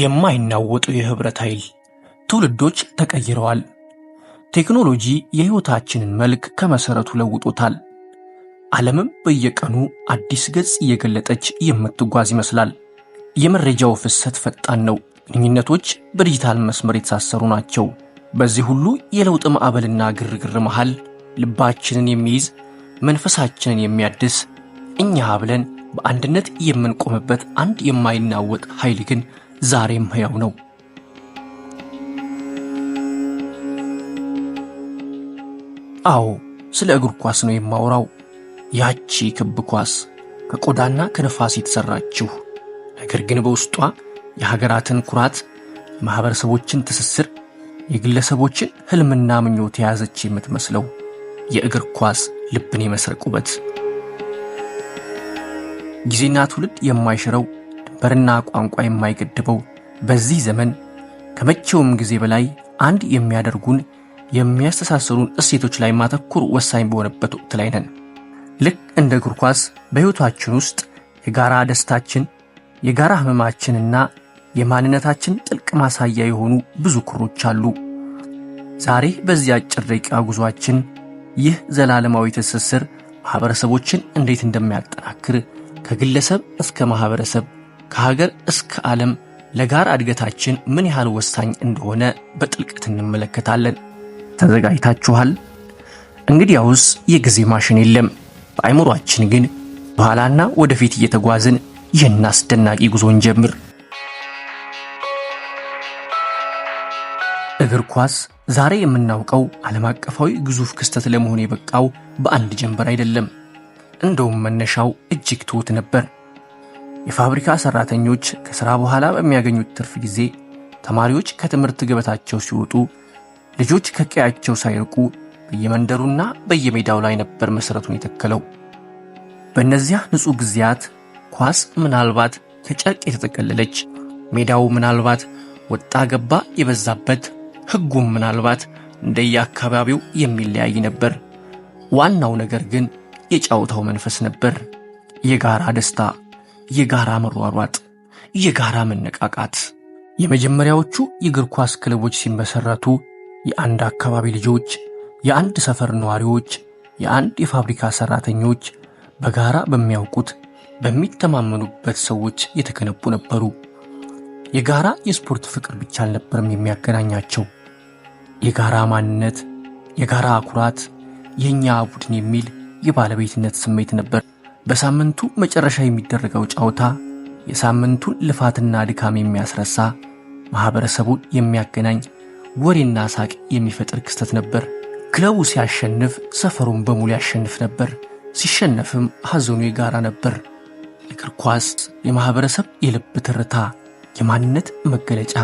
የማይናወጡ የህብረት ኃይል። ትውልዶች ተቀይረዋል። ቴክኖሎጂ የህይወታችንን መልክ ከመሰረቱ ለውጦታል። ዓለምም በየቀኑ አዲስ ገጽ እየገለጠች የምትጓዝ ይመስላል። የመረጃው ፍሰት ፈጣን ነው። ግንኙነቶች በዲጂታል መስመር የተሳሰሩ ናቸው። በዚህ ሁሉ የለውጥ ማዕበልና ግርግር መሃል ልባችንን የሚይዝ መንፈሳችንን የሚያድስ እኛ ብለን በአንድነት የምንቆምበት አንድ የማይናወጥ ኃይል ግን ዛሬም ሕያው ነው። አዎ ስለ እግር ኳስ ነው የማወራው። ያቺ ክብ ኳስ ከቆዳና ከነፋስ የተሰራችው ነገር ግን በውስጧ የሀገራትን ኩራት፣ የማኅበረሰቦችን ትስስር፣ የግለሰቦችን ሕልምና ምኞት የያዘች የምትመስለው የእግር ኳስ ልብን የመስረቅ ውበት ጊዜና ትውልድ የማይሽረው በርና ቋንቋ የማይገድበው በዚህ ዘመን ከመቼውም ጊዜ በላይ አንድ የሚያደርጉን የሚያስተሳሰሩን እሴቶች ላይ ማተኩር ወሳኝ በሆነበት ወቅት ላይ ነን። ልክ እንደ እግር ኳስ በሕይወታችን ውስጥ የጋራ ደስታችን፣ የጋራ ህመማችንና የማንነታችን ጥልቅ ማሳያ የሆኑ ብዙ ክሮች አሉ። ዛሬ በዚህ አጭር ደቂቃ ጉዟችን ይህ ዘላለማዊ ትስስር ማኅበረሰቦችን እንዴት እንደሚያጠናክር ከግለሰብ እስከ ማኅበረሰብ ከሀገር እስከ ዓለም ለጋራ እድገታችን ምን ያህል ወሳኝ እንደሆነ በጥልቀት እንመለከታለን። ተዘጋጅታችኋል? እንግዲያውስ የጊዜ ማሽን የለም። በአይምሯችን ግን በኋላና ወደፊት እየተጓዝን ይህን አስደናቂ ጉዞን ጀምር። እግር ኳስ ዛሬ የምናውቀው ዓለም አቀፋዊ ግዙፍ ክስተት ለመሆን የበቃው በአንድ ጀንበር አይደለም። እንደውም መነሻው እጅግ ትሑት ነበር። የፋብሪካ ሰራተኞች ከሥራ በኋላ በሚያገኙት ትርፍ ጊዜ፣ ተማሪዎች ከትምህርት ገበታቸው ሲወጡ፣ ልጆች ከቀያቸው ሳይርቁ በየመንደሩና በየሜዳው ላይ ነበር መሠረቱን የተከለው። በእነዚያ ንጹሕ ጊዜያት ኳስ ምናልባት ከጨርቅ የተጠቀለለች፣ ሜዳው ምናልባት ወጣ ገባ የበዛበት፣ ሕጉም ምናልባት እንደየአካባቢው የሚለያይ ነበር። ዋናው ነገር ግን የጨዋታው መንፈስ ነበር፣ የጋራ ደስታ የጋራ መሯሯጥ፣ የጋራ መነቃቃት። የመጀመሪያዎቹ የእግር ኳስ ክለቦች ሲመሰረቱ የአንድ አካባቢ ልጆች፣ የአንድ ሰፈር ነዋሪዎች፣ የአንድ የፋብሪካ ሰራተኞች በጋራ በሚያውቁት በሚተማመኑበት ሰዎች የተገነቡ ነበሩ። የጋራ የስፖርት ፍቅር ብቻ አልነበረም የሚያገናኛቸው። የጋራ ማንነት፣ የጋራ ኩራት፣ የእኛ ቡድን የሚል የባለቤትነት ስሜት ነበር። በሳምንቱ መጨረሻ የሚደረገው ጨዋታ የሳምንቱን ልፋትና ድካም የሚያስረሳ ማኅበረሰቡን የሚያገናኝ ወሬና ሳቅ የሚፈጥር ክስተት ነበር። ክለቡ ሲያሸንፍ ሰፈሩን በሙሉ ያሸንፍ ነበር። ሲሸነፍም ሐዘኑ የጋራ ነበር። እግር ኳስ የማኅበረሰብ የልብ ትርታ፣ የማንነት መገለጫ፣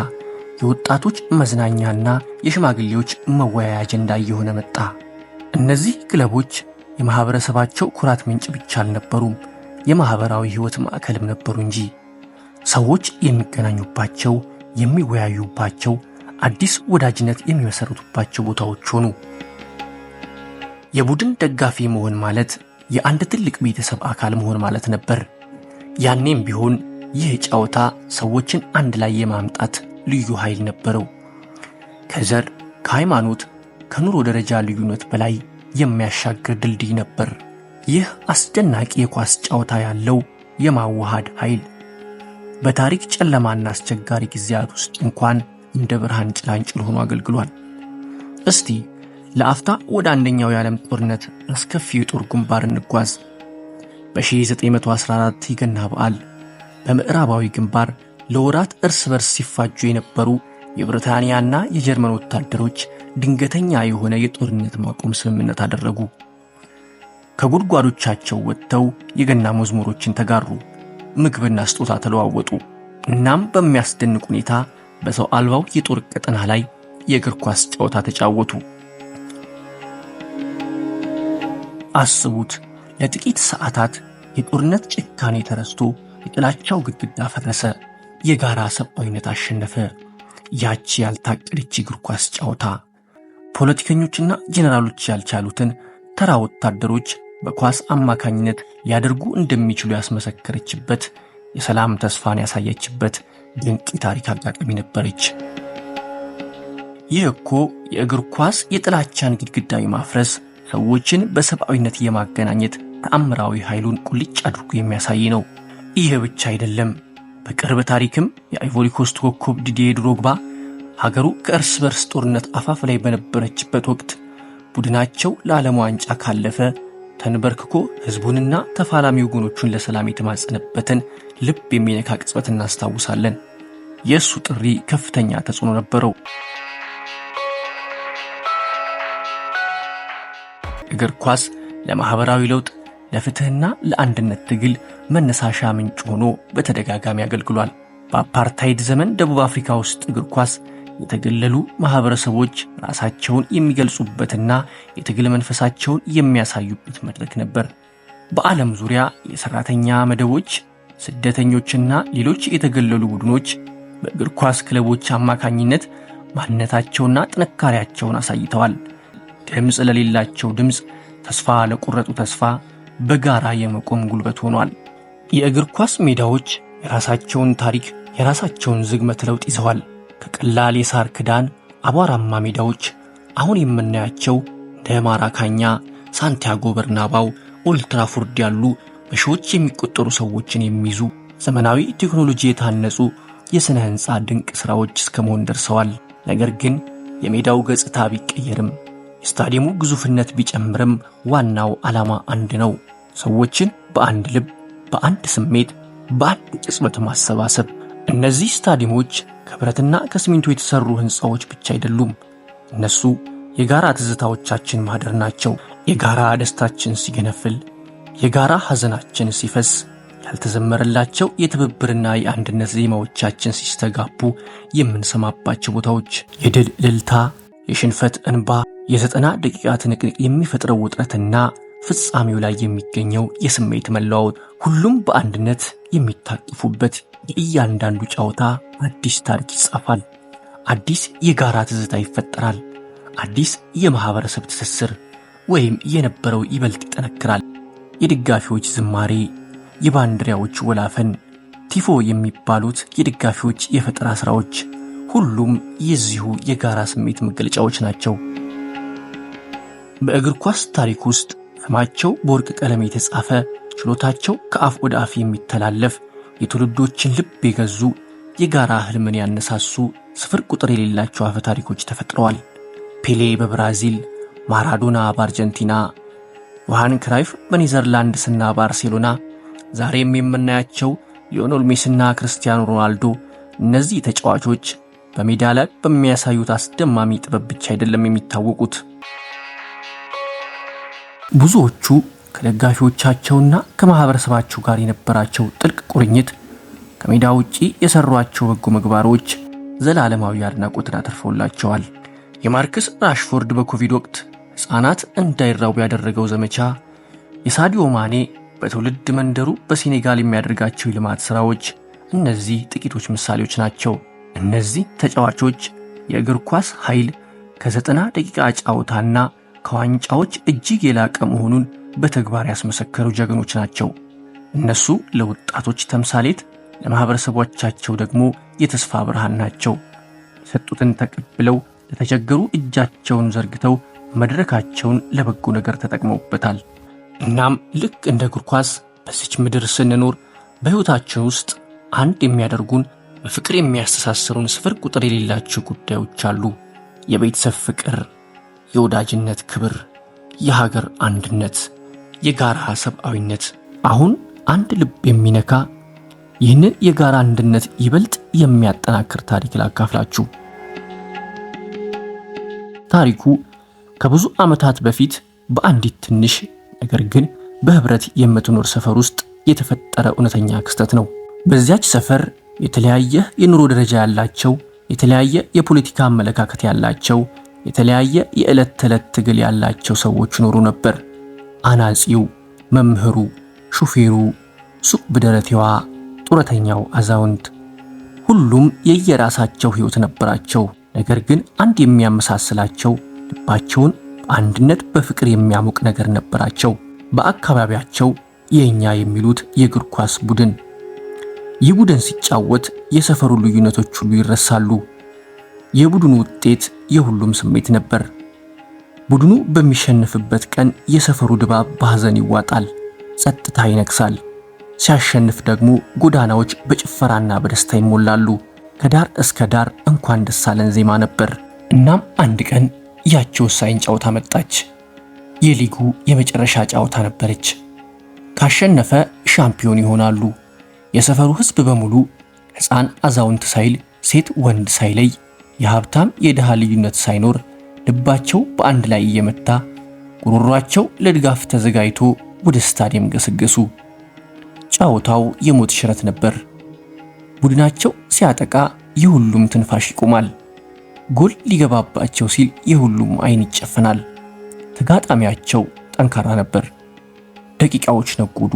የወጣቶች መዝናኛና የሽማግሌዎች መወያያ አጀንዳ እየሆነ መጣ። እነዚህ ክለቦች የማህበረሰባቸው ኩራት ምንጭ ብቻ አልነበሩም፣ የማህበራዊ ሕይወት ማዕከልም ነበሩ እንጂ። ሰዎች የሚገናኙባቸው፣ የሚወያዩባቸው፣ አዲስ ወዳጅነት የሚመሠረቱባቸው ቦታዎች ሆኑ። የቡድን ደጋፊ መሆን ማለት የአንድ ትልቅ ቤተሰብ አካል መሆን ማለት ነበር። ያኔም ቢሆን ይህ ጨዋታ ሰዎችን አንድ ላይ የማምጣት ልዩ ኃይል ነበረው። ከዘር፣ ከሃይማኖት፣ ከኑሮ ደረጃ ልዩነት በላይ የሚያሻግር ድልድይ ነበር። ይህ አስደናቂ የኳስ ጨዋታ ያለው የማዋሃድ ኃይል በታሪክ ጨለማና አስቸጋሪ ጊዜያት ውስጥ እንኳን እንደ ብርሃን ጭላንጭል ሆኖ አገልግሏል። እስቲ ለአፍታ ወደ አንደኛው የዓለም ጦርነት አስከፊ የጦር ግንባር እንጓዝ። በ1914 የገና በዓል በምዕራባዊ ግንባር ለወራት እርስ በርስ ሲፋጁ የነበሩ የብሪታንያና የጀርመን ወታደሮች ድንገተኛ የሆነ የጦርነት ማቆም ስምምነት አደረጉ። ከጉድጓዶቻቸው ወጥተው የገና መዝሙሮችን ተጋሩ፣ ምግብና ስጦታ ተለዋወጡ። እናም በሚያስደንቅ ሁኔታ በሰው አልባው የጦር ቀጠና ላይ የእግር ኳስ ጨዋታ ተጫወቱ። አስቡት፣ ለጥቂት ሰዓታት የጦርነት ጭካኔ ተረስቶ የጥላቻው ግድግዳ ፈረሰ። የጋራ ሰብአዊነት አሸነፈ። ያቺ ያልታቀደች እግር ኳስ ጨዋታ ፖለቲከኞችና ጄኔራሎች ያልቻሉትን ተራ ወታደሮች በኳስ አማካኝነት ሊያደርጉ እንደሚችሉ ያስመሰከረችበት የሰላም ተስፋን ያሳየችበት ድንቅ የታሪክ አጋጣሚ ነበረች። ይህ እኮ የእግር ኳስ የጥላቻን ግድግዳ ማፍረስ ሰዎችን በሰብአዊነት የማገናኘት ተአምራዊ ኃይሉን ቁልጭ አድርጎ የሚያሳይ ነው። ይህ ብቻ አይደለም። በቅርብ ታሪክም የአይቮሪኮስት ኮከብ ዲዲዬ ድሮግባ ሀገሩ ከእርስ በርስ ጦርነት አፋፍ ላይ በነበረችበት ወቅት ቡድናቸው ለዓለም ዋንጫ ካለፈ ተንበርክኮ ሕዝቡንና ተፋላሚ ወገኖቹን ለሰላም የተማጸነበትን ልብ የሚነካ ቅጽበት እናስታውሳለን። የእሱ ጥሪ ከፍተኛ ተጽዕኖ ነበረው። እግር ኳስ ለማኅበራዊ ለውጥ፣ ለፍትሕና ለአንድነት ትግል መነሳሻ ምንጭ ሆኖ በተደጋጋሚ አገልግሏል። በአፓርታይድ ዘመን ደቡብ አፍሪካ ውስጥ እግር ኳስ የተገለሉ ማህበረሰቦች ራሳቸውን የሚገልጹበትና የትግል መንፈሳቸውን የሚያሳዩበት መድረክ ነበር። በዓለም ዙሪያ የሰራተኛ መደቦች፣ ስደተኞችና ሌሎች የተገለሉ ቡድኖች በእግር ኳስ ክለቦች አማካኝነት ማንነታቸውና ጥንካሬያቸውን አሳይተዋል። ድምፅ ለሌላቸው ድምፅ፣ ተስፋ ለቆረጡ ተስፋ በጋራ የመቆም ጉልበት ሆኗል። የእግር ኳስ ሜዳዎች የራሳቸውን ታሪክ፣ የራሳቸውን ዝግመት ለውጥ ይዘዋል። ከቀላል የሳር ክዳን አቧራማ ሜዳዎች አሁን የምናያቸው እንደ ማራካኛ፣ ሳንቲያጎ በርናባው፣ ኦልትራፎርድ ያሉ በሺዎች የሚቆጠሩ ሰዎችን የሚይዙ ዘመናዊ ቴክኖሎጂ የታነጹ የሥነ ሕንፃ ድንቅ ሥራዎች እስከ መሆን ደርሰዋል። ነገር ግን የሜዳው ገጽታ ቢቀየርም የስታዲየሙ ግዙፍነት ቢጨምርም ዋናው ዓላማ አንድ ነው። ሰዎችን በአንድ ልብ፣ በአንድ ስሜት፣ በአንድ ቅጽበት ማሰባሰብ። እነዚህ ስታዲየሞች ከብረትና ከሲሚንቶ የተሰሩ ሕንፃዎች ብቻ አይደሉም። እነሱ የጋራ ትዝታዎቻችን ማኅደር ናቸው። የጋራ ደስታችን ሲገነፍል፣ የጋራ ሐዘናችን ሲፈስ፣ ያልተዘመረላቸው የትብብርና የአንድነት ዜማዎቻችን ሲስተጋቡ የምንሰማባቸው ቦታዎች፣ የድል እልልታ፣ የሽንፈት እንባ፣ የዘጠና ደቂቃ ትንቅንቅ የሚፈጥረው ውጥረትና ፍጻሜው ላይ የሚገኘው የስሜት መለዋወጥ ሁሉም በአንድነት የሚታቅፉበት የእያንዳንዱ ጨዋታ አዲስ ታሪክ ይጻፋል። አዲስ የጋራ ትዝታ ይፈጠራል። አዲስ የማህበረሰብ ትስስር ወይም የነበረው ይበልጥ ይጠነክራል። የደጋፊዎች ዝማሬ፣ የባንዲራዎች ወላፈን፣ ቲፎ የሚባሉት የደጋፊዎች የፈጠራ ሥራዎች ሁሉም የዚሁ የጋራ ስሜት መገለጫዎች ናቸው። በእግር ኳስ ታሪክ ውስጥ ሕማቸው በወርቅ ቀለም የተጻፈ ችሎታቸው ከአፍ ወደ አፍ የሚተላለፍ የትውልዶችን ልብ የገዙ የጋራ ህልምን ያነሳሱ ስፍር ቁጥር የሌላቸው አፈ ታሪኮች ተፈጥረዋል። ፔሌ በብራዚል፣ ማራዶና በአርጀንቲና፣ ዮሐን ክራይፍ በኔዘርላንድስና ባርሴሎና፣ ዛሬም የምናያቸው ሊዮኖል ሜስና ክርስቲያኖ ሮናልዶ። እነዚህ ተጫዋቾች በሜዳ ላይ በሚያሳዩት አስደማሚ ጥበብ ብቻ አይደለም የሚታወቁት ብዙዎቹ ከደጋፊዎቻቸውና ከማህበረሰባቸው ጋር የነበራቸው ጥልቅ ቁርኝት፣ ከሜዳ ውጪ የሰሯቸው በጎ ምግባሮች ዘላለማዊ አድናቆትን አትርፈውላቸዋል። የማርክስ ራሽፎርድ በኮቪድ ወቅት ሕፃናት እንዳይራቡ ያደረገው ዘመቻ፣ የሳዲዮ ማኔ በትውልድ መንደሩ በሴኔጋል የሚያደርጋቸው የልማት ሥራዎች፣ እነዚህ ጥቂቶች ምሳሌዎች ናቸው። እነዚህ ተጫዋቾች የእግር ኳስ ኃይል ከዘጠና ደቂቃ ጫውታና ከዋንጫዎች እጅግ የላቀ መሆኑን በተግባር ያስመሰከሩ ጀግኖች ናቸው። እነሱ ለወጣቶች ተምሳሌት፣ ለማኅበረሰቦቻቸው ደግሞ የተስፋ ብርሃን ናቸው። የሰጡትን ተቀብለው ለተቸገሩ እጃቸውን ዘርግተው መድረካቸውን ለበጎ ነገር ተጠቅመውበታል። እናም ልክ እንደ እግር ኳስ በዚች ምድር ስንኖር በሕይወታችን ውስጥ አንድ የሚያደርጉን በፍቅር የሚያስተሳስሩን ስፍር ቁጥር የሌላቸው ጉዳዮች አሉ። የቤተሰብ ፍቅር የወዳጅነት ክብር፣ የሀገር አንድነት፣ የጋራ ሰብአዊነት አሁን አንድ ልብ የሚነካ ይህንን የጋራ አንድነት ይበልጥ የሚያጠናክር ታሪክ ላካፍላችሁ። ታሪኩ ከብዙ ዓመታት በፊት በአንዲት ትንሽ ነገር ግን በህብረት የምትኖር ሰፈር ውስጥ የተፈጠረ እውነተኛ ክስተት ነው። በዚያች ሰፈር የተለያየ የኑሮ ደረጃ ያላቸው፣ የተለያየ የፖለቲካ አመለካከት ያላቸው፣ የተለያየ የዕለት ተዕለት ትግል ያላቸው ሰዎች ይኖሩ ነበር። አናጺው፣ መምህሩ፣ ሹፌሩ፣ ሱቅ ብደረቴዋ፣ ጡረተኛው አዛውንት ሁሉም የየራሳቸው ሕይወት ነበራቸው። ነገር ግን አንድ የሚያመሳስላቸው ልባቸውን በአንድነት በፍቅር የሚያሞቅ ነገር ነበራቸው። በአካባቢያቸው የእኛ የሚሉት የእግር ኳስ ቡድን። ይህ ቡድን ሲጫወት የሰፈሩ ልዩነቶች ሁሉ ይረሳሉ። የቡድኑ ውጤት የሁሉም ስሜት ነበር። ቡድኑ በሚሸንፍበት ቀን የሰፈሩ ድባብ በሐዘን ይዋጣል፣ ጸጥታ ይነግሳል። ሲያሸንፍ ደግሞ ጎዳናዎች በጭፈራና በደስታ ይሞላሉ። ከዳር እስከ ዳር እንኳን ደስ አለን ዜማ ነበር። እናም አንድ ቀን ያቺ ወሳኝ ጨዋታ መጣች። የሊጉ የመጨረሻ ጨዋታ ነበረች። ካሸነፈ ሻምፒዮን ይሆናሉ። የሰፈሩ ሕዝብ በሙሉ ሕፃን አዛውንት ሳይል ሴት ወንድ ሳይለይ የሀብታም የድሃ ልዩነት ሳይኖር ልባቸው በአንድ ላይ እየመታ ጉሮሯቸው ለድጋፍ ተዘጋጅቶ ወደ ስታዲየም ገሰገሱ። ጨዋታው የሞት ሽረት ነበር። ቡድናቸው ሲያጠቃ የሁሉም ትንፋሽ ይቆማል። ጎል ሊገባባቸው ሲል የሁሉም አይን ይጨፈናል። ተጋጣሚያቸው ጠንካራ ነበር። ደቂቃዎች ነጎዱ።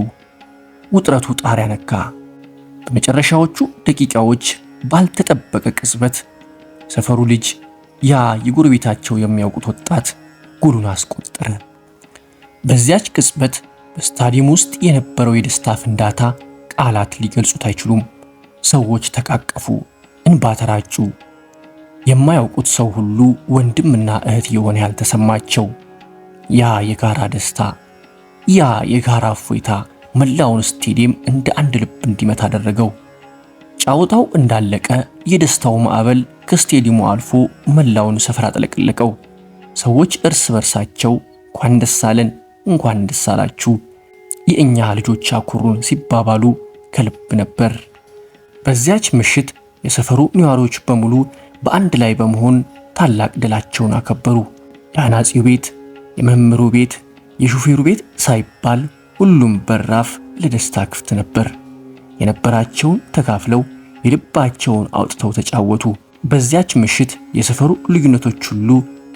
ውጥረቱ ጣሪያ ነካ። በመጨረሻዎቹ ደቂቃዎች ባልተጠበቀ ቅጽበት ሰፈሩ ልጅ ያ የጎረቤታቸው የሚያውቁት ወጣት ጎሉን አስቆጠረ። በዚያች ቅጽበት በስታዲየም ውስጥ የነበረው የደስታ ፍንዳታ ቃላት ሊገልጹት አይችሉም። ሰዎች ተቃቀፉ፣ እንባ ተራጩ። የማያውቁት ሰው ሁሉ ወንድምና እህት የሆነ ያልተሰማቸው ተሰማቸው። ያ የጋራ ደስታ፣ ያ የጋራ እፎይታ መላውን ስቴዲየም እንደ አንድ ልብ እንዲመታ አደረገው። ጫወታው እንዳለቀ የደስታው ማዕበል ከስቴዲየሙ አልፎ መላውን ሰፈር አጥለቀለቀው። ሰዎች እርስ በርሳቸው እንኳን ደስ አለን፣ እንኳን ደስ አላችሁ፣ የእኛ ልጆች አኩሩን ሲባባሉ ከልብ ነበር። በዚያች ምሽት የሰፈሩ ነዋሪዎች በሙሉ በአንድ ላይ በመሆን ታላቅ ድላቸውን አከበሩ። የአናጺው ቤት፣ የመምህሩ ቤት፣ የሹፌሩ ቤት ሳይባል ሁሉም በራፍ ለደስታ ክፍት ነበር። የነበራቸውን ተካፍለው የልባቸውን አውጥተው ተጫወቱ። በዚያች ምሽት የሰፈሩ ልዩነቶች ሁሉ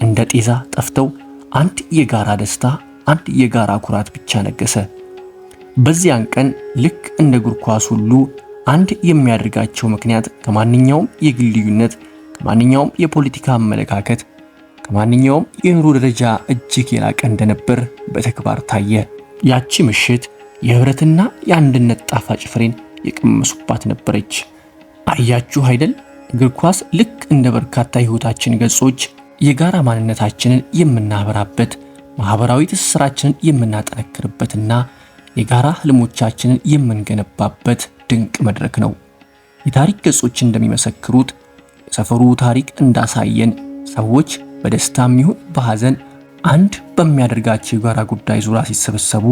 እንደ ጤዛ ጠፍተው አንድ የጋራ ደስታ፣ አንድ የጋራ ኩራት ብቻ ነገሰ። በዚያን ቀን ልክ እንደ እግር ኳስ ሁሉ አንድ የሚያደርጋቸው ምክንያት ከማንኛውም የግል ልዩነት፣ ከማንኛውም የፖለቲካ አመለካከት፣ ከማንኛውም የኑሮ ደረጃ እጅግ የላቀ እንደነበር በተግባር ታየ። ያቺ ምሽት የህብረትና የአንድነት ጣፋጭ ፍሬን የቀመሱባት ነበረች። አያችሁ አይደል? እግር ኳስ ልክ እንደ በርካታ የህይወታችን ገጾች የጋራ ማንነታችንን የምናበራበት፣ ማህበራዊ ትስስራችንን የምናጠነክርበትና የጋራ ህልሞቻችንን የምንገነባበት ድንቅ መድረክ ነው። የታሪክ ገጾች እንደሚመሰክሩት የሰፈሩ ታሪክ እንዳሳየን ሰዎች በደስታም ይሁን በሐዘን አንድ በሚያደርጋቸው የጋራ ጉዳይ ዙሪያ ሲሰበሰቡ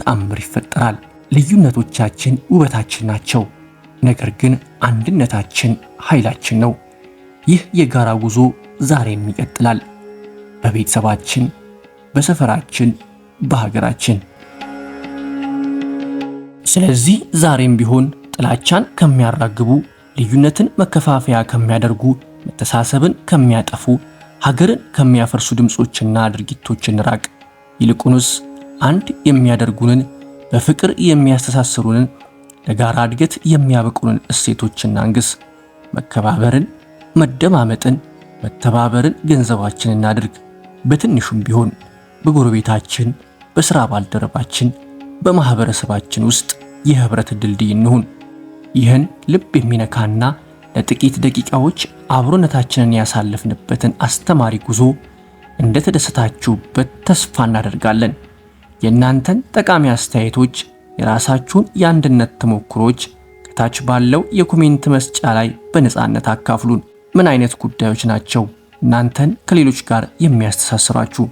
ተአምር ይፈጠራል። ልዩነቶቻችን ውበታችን ናቸው። ነገር ግን አንድነታችን ኃይላችን ነው። ይህ የጋራ ጉዞ ዛሬም ይቀጥላል። በቤተሰባችን፣ በሰፈራችን፣ በሀገራችን። ስለዚህ ዛሬም ቢሆን ጥላቻን ከሚያራግቡ፣ ልዩነትን መከፋፈያ ከሚያደርጉ፣ መተሳሰብን ከሚያጠፉ፣ ሀገርን ከሚያፈርሱ ድምፆችና ድርጊቶች እንራቅ። ይልቁንስ አንድ የሚያደርጉንን በፍቅር የሚያስተሳስሩንን ለጋራ እድገት የሚያበቁንን እሴቶች አንግስ። መከባበርን፣ መደማመጥን፣ መተባበርን ገንዘባችን እናድርግ። በትንሹም ቢሆን በጎረቤታችን፣ በሥራ ባልደረባችን፣ በማኅበረሰባችን ውስጥ የኅብረት ድልድይ እንሁን። ይህን ልብ የሚነካና ለጥቂት ደቂቃዎች አብሮነታችንን ያሳለፍንበትን አስተማሪ ጉዞ እንደተደሰታችሁበት ተስፋ እናደርጋለን። የእናንተን ጠቃሚ አስተያየቶች የራሳችሁን የአንድነት ተሞክሮች ከታች ባለው የኮሜንት መስጫ ላይ በነፃነት አካፍሉን። ምን አይነት ጉዳዮች ናቸው እናንተን ከሌሎች ጋር የሚያስተሳስራችሁ?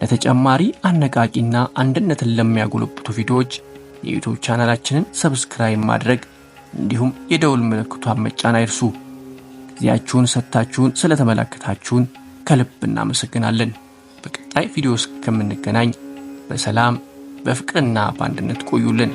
ለተጨማሪ አነቃቂና አንድነትን ለሚያጎለብቱ ቪዲዮዎች የዩቱብ ቻናላችንን ሰብስክራይብ ማድረግ እንዲሁም የደውል ምልክቷን መጫን አይርሱ። ጊዜያችሁን ሰጥታችሁን ስለተመለከታችሁን ከልብ እናመሰግናለን። በቀጣይ ቪዲዮ እስከምንገናኝ በሰላም በፍቅርና በአንድነት ቆዩልን።